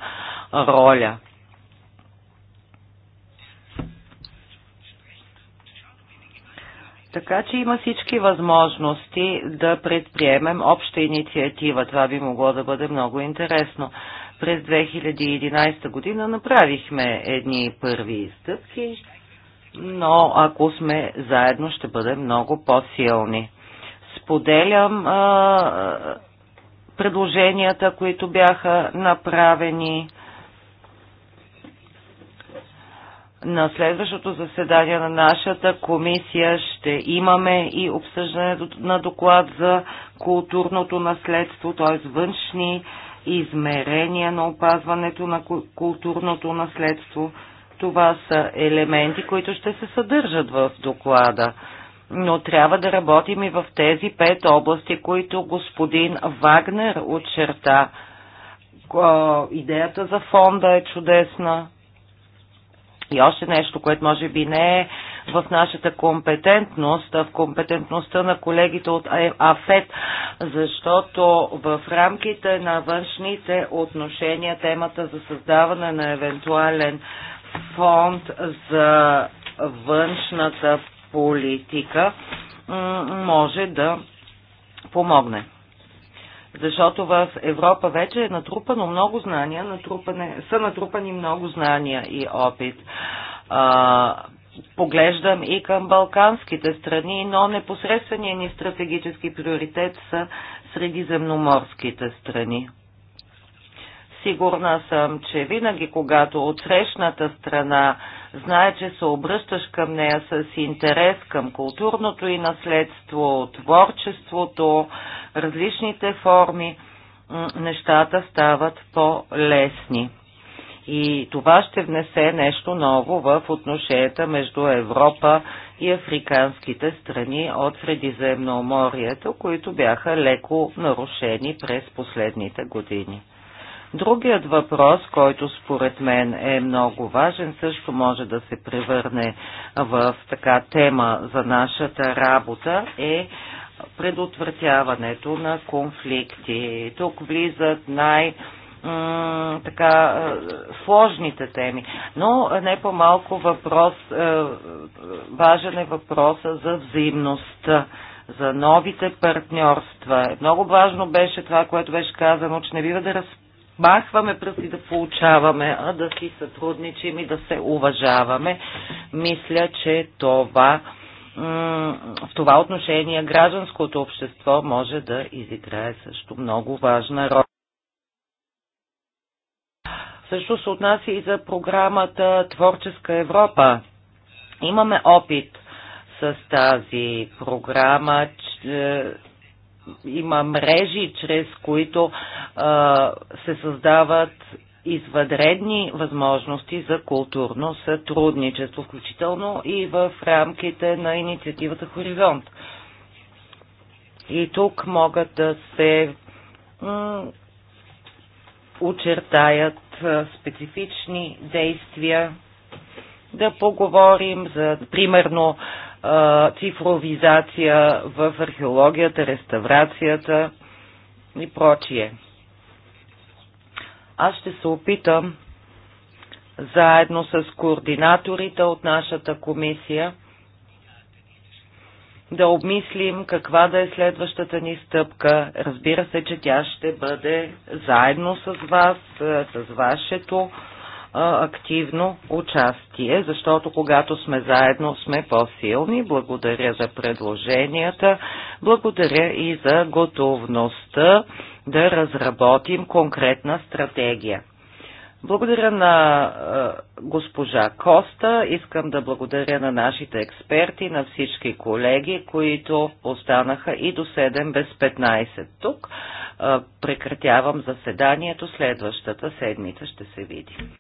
роля. Така че има всички възможности да предприемем обща инициатива. Това би могло да бъде много интересно. През 2011 година направихме едни първи стъпки, но ако сме заедно ще бъдем много по-силни. Споделям а, предложенията, които бяха направени на следващото заседание на нашата комисия ще имаме и обсъждане на доклад за културното наследство, т.е. външни измерения на опазването на културното наследство. Това са елементи, които ще се съдържат в доклада. Но трябва да работим и в тези пет области, които господин Вагнер очерта. Идеята за фонда е чудесна, и още нещо, което може би не е в нашата компетентност, а в компетентността на колегите от АФЕД, защото в рамките на външните отношения темата за създаване на евентуален фонд за външната политика може да помогне. Защото в Европа вече е натрупано много знания, натрупане, са натрупани много знания и опит. А, поглеждам и към балканските страни, но непосредственият ни стратегически приоритет са средиземноморските страни. Сигурна съм, че винаги, когато отсрещната страна знае, че се обръщаш към нея с интерес към културното и наследство, творчеството, различните форми, нещата стават по-лесни. И това ще внесе нещо ново в отношенията между Европа и африканските страни от Средиземноморието, които бяха леко нарушени през последните години. Другият въпрос, който според мен е много важен, също може да се превърне в така тема за нашата работа, е предотвратяването на конфликти. Тук влизат най- така сложните теми. Но не по-малко въпрос, важен е въпроса за взаимността за новите партньорства. Много важно беше това, което беше казано, че не бива да разпределяме махваме пръсти да получаваме, а да си сътрудничим и да се уважаваме. Мисля, че това в това отношение гражданското общество може да изиграе също много важна роля. Също се отнася и за програмата Творческа Европа. Имаме опит с тази програма. Че има мрежи, чрез които а, се създават извънредни възможности за културно сътрудничество, включително и в рамките на инициативата Хоризонт. И тук могат да се очертаят специфични действия, да поговорим за, примерно, цифровизация в археологията, реставрацията и прочие. Аз ще се опитам заедно с координаторите от нашата комисия да обмислим каква да е следващата ни стъпка. Разбира се, че тя ще бъде заедно с вас, с вашето активно участие, защото когато сме заедно сме по-силни. Благодаря за предложенията, благодаря и за готовността да разработим конкретна стратегия. Благодаря на госпожа Коста. Искам да благодаря на нашите експерти, на всички колеги, които останаха и до 7 без 15 тук. Прекратявам заседанието. Следващата седмица ще се видим.